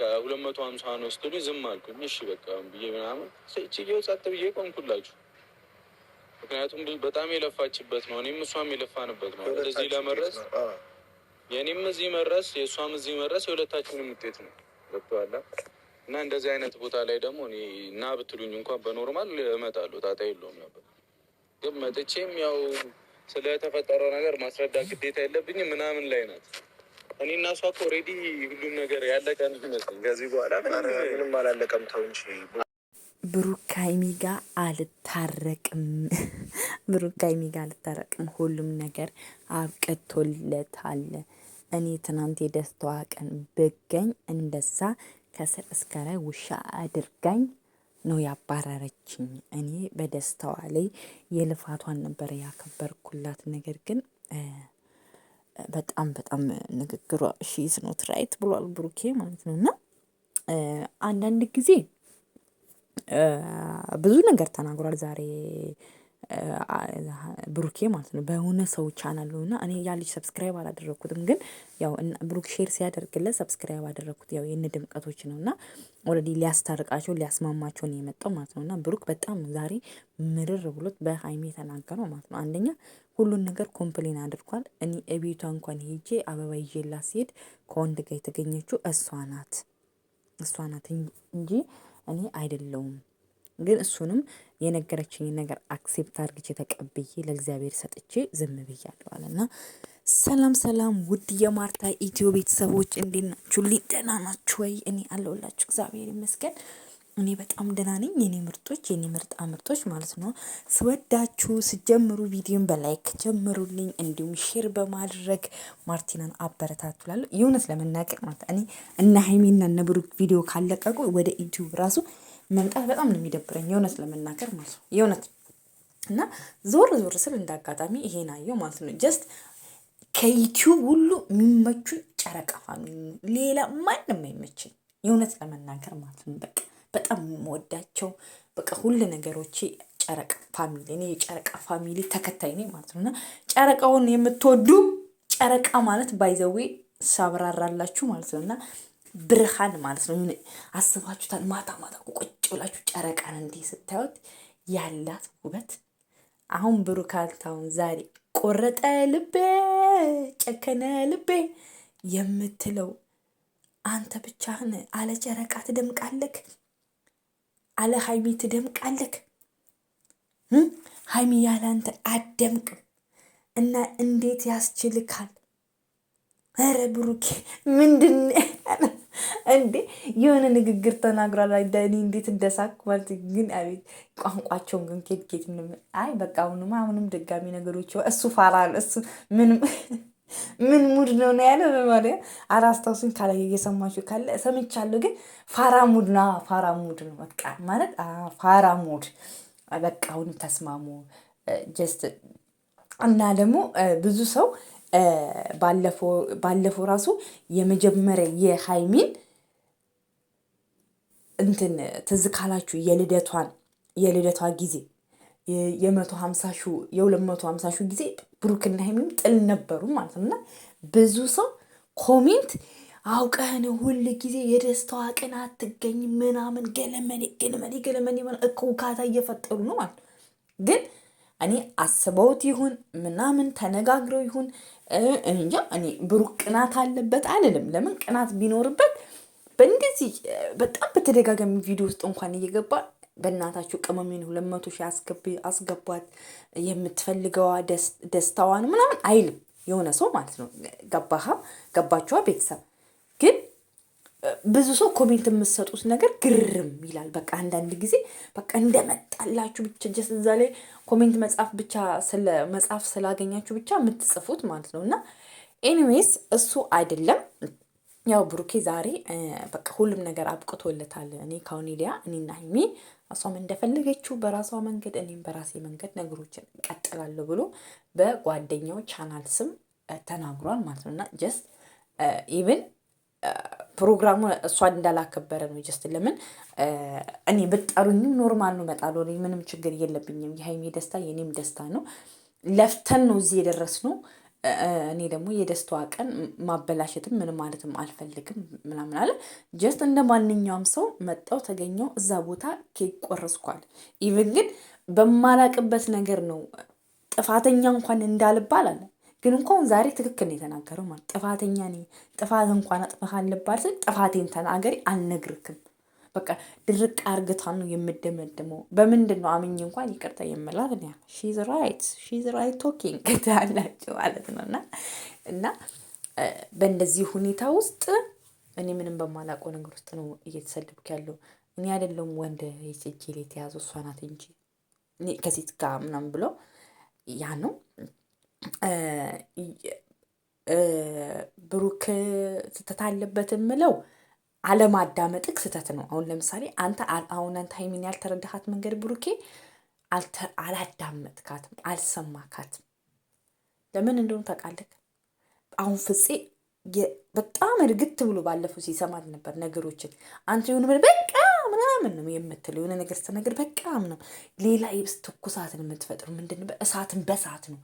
ከሁለት መቶ ሀምሳ ወስዶ ዝም አልኩኝ። እሺ በቃ ብዬ ምናምን ችዬው ጸጥ ብዬ ቆምኩላችሁ። ምክንያቱም በጣም የለፋችበት ነው፣ እኔም እሷም የለፋንበት ነው እዚህ ለመድረስ የእኔም እዚህ መድረስ የእሷም እዚህ መድረስ የሁለታችንም ውጤት ነው። ገብቶሃል እና እንደዚህ አይነት ቦታ ላይ ደግሞ እኔ እና ብትሉኝ እንኳን በኖርማል እመጣለሁ፣ ጣጣ የለውም ነበር። ግን መጥቼም ያው ስለተፈጠረው ነገር ማስረዳት ግዴታ የለብኝም ምናምን ላይ ናት እኔ እና እሷ እኮ ኦልሬዲ ሁሉም ነገር ያለቀ ነው ይመስለኝ። ከዚህ በኋላ ምንም አላለቀም። ተው እንጂ ብሩክ አልታረቅም። ብሩክ አልታረቅም። ሁሉም ነገር አብቅቶለታል። እኔ ትናንት የደስታዋ ቀን ብገኝ እንደዛ ከስር እስከ ላይ ውሻ አድርጋኝ ነው ያባረረችኝ። እኔ በደስታዋ ላይ የልፋቷን ነበር ያከበርኩላት። ነገር ግን በጣም በጣም ንግግሯ ሺዝ ኖት ራይት ብሏል ብሩኬ ማለት ነው። እና አንዳንድ ጊዜ ብዙ ነገር ተናግሯል ዛሬ ብሩኬ ማለት ነው በሆነ ሰው ቻናል ነው እና እኔ ያ ልጅ ሰብስክራይብ አላደረግኩትም፣ ግን ያው ብሩክ ሼር ሲያደርግለት ሰብስክራይብ አደረግኩት። ያው የነ ድምቀቶች ነው እና ኦልሬዲ ሊያስታርቃቸው ሊያስማማቸው ነው የመጣው ማለት ነው እና ብሩክ በጣም ዛሬ ምርር ብሎት በሀይሚ የተናገረው ማለት ነው። አንደኛ ሁሉን ነገር ኮምፕሌን አድርጓል። እኔ እቤቷ እንኳን ሄጄ አበባ ይዤላ ሲሄድ ከወንድ ጋር የተገኘችው እሷ ናት እሷ ናት እንጂ እኔ አይደለውም ግን እሱንም የነገረችኝ ነገር አክሴፕት አድርግቼ ተቀብዬ ለእግዚአብሔር ሰጥቼ ዝም ብያለዋል አለ እና ሰላም ሰላም፣ ውድ የማርታ ኢትዮ ቤተሰቦች እንዴት ናችሁ? ደህና ናችሁ ወይ? እኔ አለሁላችሁ እግዚአብሔር ይመስገን። እኔ በጣም ደህና ነኝ። የኔ ምርጦች የኔ ምርጣ ምርጦች ማለት ነው። ስወዳችሁ ስጀምሩ ቪዲዮን በላይክ ጀምሩልኝ፣ እንዲሁም ሼር በማድረግ ማርቲናን አበረታቱላለሁ። የእውነት ለመናገር ማለት እኔ እና ሀይሜና ነብሩ ቪዲዮ ካለቀቁ ወደ ዩቲዩብ ራሱ መምጣት በጣም ነው የሚደብረኝ የእውነት ለመናገር ማለት ነው የእውነት እና ዞር ዞር ስል እንዳጋጣሚ ይሄን አየሁ ማለት ነው ጀስት ከዩቲዩብ ሁሉ የሚመቹኝ ጨረቃ ፋሚሊ ሌላ ማንም አይመችኝ የእውነት ለመናገር ማለት ነው በቃ በጣም የምወዳቸው በቃ ሁሉ ነገሮቼ ጨረቃ ፋሚሊ እኔ የጨረቃ ፋሚሊ ተከታይ ነኝ ማለት ነው እና ጨረቃውን የምትወዱ ጨረቃ ማለት ባይዘዌ ሳብራራላችሁ ማለት ነው እና ብርሃን ማለት ነው። አስባችሁታል? ማታ ማታ ቁጭ ብላችሁ ጨረቃን እንዲህ ስታዩት ያላት ውበት አሁን ብሩክ አልታውን ዛሬ ቆረጠ ልቤ ጨከነ ልቤ የምትለው አንተ ብቻህን አለ ጨረቃ ትደምቃለክ፣ አለ ሀይሚ ትደምቃለክ። ሀይሚ ያለ አንተ አደምቅም እና እንዴት ያስችልካል? ኧረ ብሩኬ ምንድን እንዴ የሆነ ንግግር ተናግሯል። ደኒ እንዴት እንደሳቅ ማለት ግን አቤት ቋንቋቸውን ግን ኬት ኬት ምንም አይ በቃ አሁንም አሁንም ድጋሚ ነገሮች እሱ ፋራል እሱ ምንም ምን ሙድ ነው ነው ያለ በማለ አላስታውሱኝ ካለ እየሰማችሁ ካለ ሰምቻለሁ። ግን ፋራ ሙድ ነው ፋራ ሙድ ነው በቃ ማለት ፋራ ሙድ በቃ አሁን ተስማሙ ጀስት እና ደግሞ ብዙ ሰው ባለፈው ራሱ የመጀመሪያ የሃይሚን እንትን ትዝ ካላችሁ የልደቷን የልደቷ ጊዜ የመቶ ሀምሳ ሹ የሁለት መቶ ሀምሳ ሹ ጊዜ ብሩክና ሀይሚም ጥል ነበሩ ማለት ነው እና ብዙ ሰው ኮሜንት አውቀህን ሁል ጊዜ የደስታዋ ቀን አትገኝ ምናምን ገለመኔ ገለመኔ ገለመኔ እኮ ውካታ እየፈጠሩ ነው ማለት ግን እኔ አስበውት ይሁን ምናምን ተነጋግረው ይሁን እንጃ እኔ ብሩክ ቅናት አለበት አልልም። ለምን ቅናት ቢኖርበት በእንደዚህ በጣም በተደጋጋሚ ቪዲዮ ውስጥ እንኳን እየገባ በእናታችሁ ቅመሜን ሁለት መቶ ሺህ አስገቧት የምትፈልገዋ ደስታዋን ምናምን አይልም። የሆነ ሰው ማለት ነው። ገባሃ ገባችኋ? ቤተሰብ ግን ብዙ ሰው ኮሜንት የምትሰጡት ነገር ግርም ይላል። በቃ አንዳንድ ጊዜ በቃ እንደመጣላችሁ ብቻ ጀስ እዛ ላይ ኮሜንት መጻፍ ብቻ ስለ መጻፍ ስላገኛችሁ ብቻ የምትጽፉት ማለት ነው። እና ኤኒዌይስ እሱ አይደለም ያው ብሩኬ ዛሬ በቃ ሁሉም ነገር አብቅቶለታል። እኔ ከአሁኔዲያ እኔና ሀይሚ እሷም እንደፈለገችው በራሷ መንገድ እኔም በራሴ መንገድ ነገሮችን ቀጥላለሁ ብሎ በጓደኛው ቻናል ስም ተናግሯል ማለት ነው እና ጀስት ኢቭን ፕሮግራሙ እሷን እንዳላከበረ ነው። ጀስት ለምን እኔ ብጠሩኝም ኖርማል ነው እመጣለሁ። ምንም ችግር የለብኝም። የሀይሜ ደስታ የእኔም ደስታ ነው። ለፍተን ነው እዚህ የደረስነው። እኔ ደግሞ የደስታዋ ቀን ማበላሸትም ምን ማለትም አልፈልግም ምናምን አለ። ጀስት እንደ ማንኛውም ሰው መጣው ተገኘው እዛ ቦታ ኬክ ቆረስኳል። ኢቭን ግን በማላቅበት ነገር ነው ጥፋተኛ እንኳን እንዳልባል አለ። ግን እንኳን ዛሬ ትክክል ነው የተናገረው ማለት ጥፋተኛ ጥፋት እንኳን አጥፍሃ ልባል ስል ጥፋቴን ተናገሪ አልነግርክም በቃ ድርቅ አርግታ ነው የምደመድመው። በምንድን ነው አምኜ እንኳን ይቅርታ የምላት? ሺዝ ራይት ሺዝ ራይት ቶኪንግ ትላላችሁ ማለት ነው። እና እና በእንደዚህ ሁኔታ ውስጥ እኔ ምንም በማላውቀው ነገር ውስጥ ነው እየተሰደብኩ ያለው። እኔ አይደለም ወንድ የጭጄ ላይ የተያዘው እሷ ናት እንጂ ከሴት ጋር ምናምን ብሎ ያ ነው ብሩክ ስህተት አለበት የምለው አለማዳመጥክ ስህተት ነው። አሁን ለምሳሌ አንተ አሁን አንተ ሀይሚን ያልተረዳሃት መንገድ ብሩኬ አላዳመጥካትም፣ አልሰማካትም። ለምን እንደሆነ ታውቃለህ? አሁን ፍፄ በጣም እርግጥ ብሎ ባለፈው ሲሰማት ነበር ነገሮችን አንተ ይሁን ምን በቃ ምናምን ነው የምትለው የሆነ ነገር ስትነግር በቃ ምናምን ሌላ ይብስ ትኩሳትን የምትፈጥሩ ምንድን እሳትን በእሳት ነው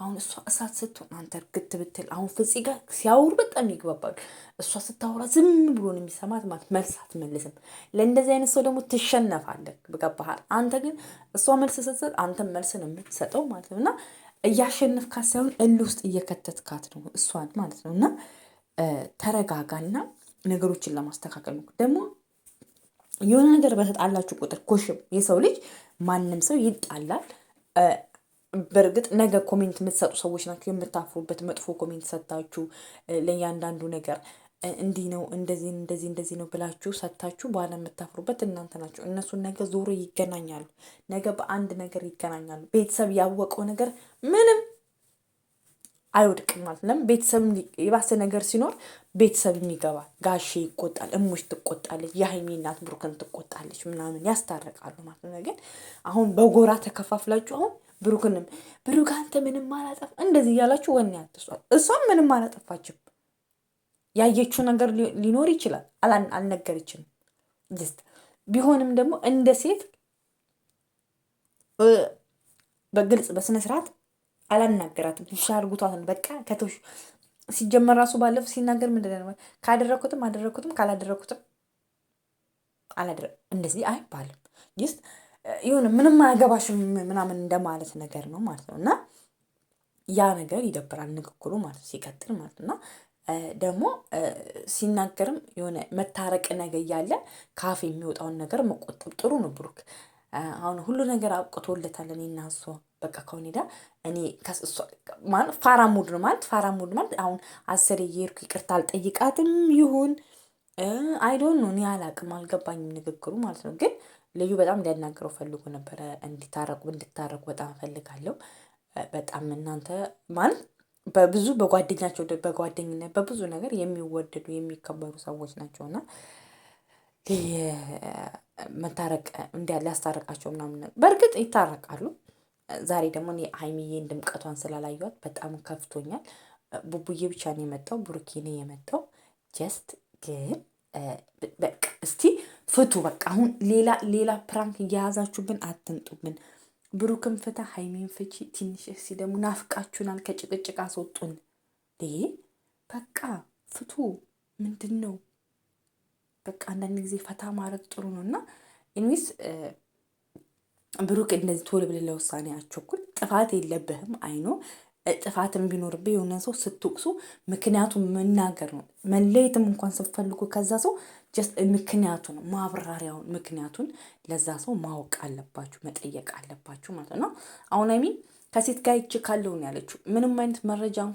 አሁን እሷ እሳት ስትሆን አንተ እርግት ብትል፣ አሁን ፍፄ ጋር ሲያወሩ በጣም ይግባባሉ። እሷ ስታወራ ዝም ብሎ ነው የሚሰማት፣ ማለት መልስ አትመልስም። ለእንደዚህ አይነት ሰው ደግሞ ትሸነፋለህ። በገባሃል? አንተ ግን እሷ መልስ ስትሰጥ አንተ መልስ ነው የምትሰጠው ማለት ነው። እና እያሸነፍካት ሳይሆን እል ውስጥ እየከተትካት ነው እሷን ማለት ነው። እና ተረጋጋና ነገሮችን ለማስተካከል ነው ደግሞ የሆነ ነገር በተጣላችሁ ቁጥር ኮሽም የሰው ልጅ ማንም ሰው ይጣላል። በእርግጥ ነገ ኮሜንት የምትሰጡ ሰዎች ናቸው የምታፍሩበት። መጥፎ ኮሜንት ሰታችሁ ለእያንዳንዱ ነገር እንዲህ ነው እንደዚህ እንደዚህ እንደዚህ ነው ብላችሁ ሰታችሁ በኋላ የምታፍሩበት እናንተ ናቸው። እነሱን ነገ ዞሮ ይገናኛሉ። ነገ በአንድ ነገር ይገናኛሉ። ቤተሰብ ያወቀው ነገር ምንም አይወድቅም ማለት ለም ቤተሰብ የባሰ ነገር ሲኖር ቤተሰብ የሚገባ ጋሼ ይቆጣል፣ እሙሽ ትቆጣለች፣ የሀይሚ እናት ብሩክን ትቆጣለች፣ ምናምን ያስታርቃሉ ማለት ነው። ግን አሁን በጎራ ተከፋፍላችሁ አሁን ብሩክንም ብሩክ አንተ ምንም አላጠፋ እንደዚህ እያላችሁ ወኔ አትሷል። እሷም ምንም አላጠፋችም። ያየችው ነገር ሊኖር ይችላል፣ አልነገረችንም። ቢሆንም ደግሞ እንደ ሴት በግልጽ በስነስርዓት አላናገራትም። ሻ አርጉቷትን በቃ ከቶሽ ሲጀመር ራሱ ባለፈው ሲናገር ምንድን ነው ካደረግኩትም አደረግኩትም ካላደረግኩትም አላደረ እንደዚህ አይባልም። ይሁን ምንም አያገባሽም ምናምን እንደማለት ነገር ነው ማለት ነው። እና ያ ነገር ይደብራል ንግግሩ ማለት ነው ሲቀጥል ማለት ነው። ደግሞ ሲናገርም የሆነ መታረቅ ነገ እያለ ካፌ የሚወጣውን ነገር መቆጠብ ጥሩ ነው። ብሩክ አሁን ሁሉ ነገር አብቅቶለታል። እኔ እና እሷ በቃ ከሁን ሄዳ እኔ ፋራ ሙድ ነው ማለት ፋራ ሙድ ማለት አሁን አስር እየሄድኩ ይቅርታ አልጠይቃትም ይሁን አይ ዶንት ኖ እኔ አላቅም፣ አልገባኝም ንግግሩ ማለት ነው። ግን ልዩ በጣም ሊያናግረው ፈልጎ ነበረ እንዲታረቁ እንድታረቁ በጣም እፈልጋለሁ። በጣም እናንተ ማለት በብዙ በጓደኛቸው በጓደኝነት በብዙ ነገር የሚወደዱ የሚከበሩ ሰዎች ናቸው እና መታረቅ እንዲያ ሊያስታርቃቸው ምናምን በእርግጥ ይታረቃሉ። ዛሬ ደግሞ እኔ ሀይሚዬን ድምቀቷን ስላላየኋት በጣም ከፍቶኛል። ቡቡዬ ብቻ ነው የመጣው ብሩኬ ነው የመጣው ጀስት ግን በቃ እስቲ ፍቱ። በቃ አሁን ሌላ ሌላ ፕራንክ እያያዛችሁብን አትምጡብን። ብሩክን ፍታ፣ ሀይሜን ፍቺ። ትንሽ እስቲ ደግሞ ናፍቃችሁናል፣ ከጭቅጭቅ አስወጡን። በቃ ፍቱ። ምንድን ነው በቃ አንዳንድ ጊዜ ፈታ ማድረግ ጥሩ ነው እና ኢንዊስ ብሩክ እንደዚህ ቶሎ ብለህ ለውሳኔ አቸኩል። ጥፋት የለብህም አይኖ ጥፋትም ቢኖርብ የሆነ ሰው ስትወቅሱ ምክንያቱን መናገር ነው። መለየትም እንኳን ስትፈልጉ ከዛ ሰው ምክንያቱን ማብራሪያውን ምክንያቱን ለዛ ሰው ማወቅ አለባችሁ፣ መጠየቅ አለባችሁ ማለት ነው። አሁን አይሚን ከሴት ጋር ይች ካለውን ያለችው ምንም አይነት መረጃ እንኳን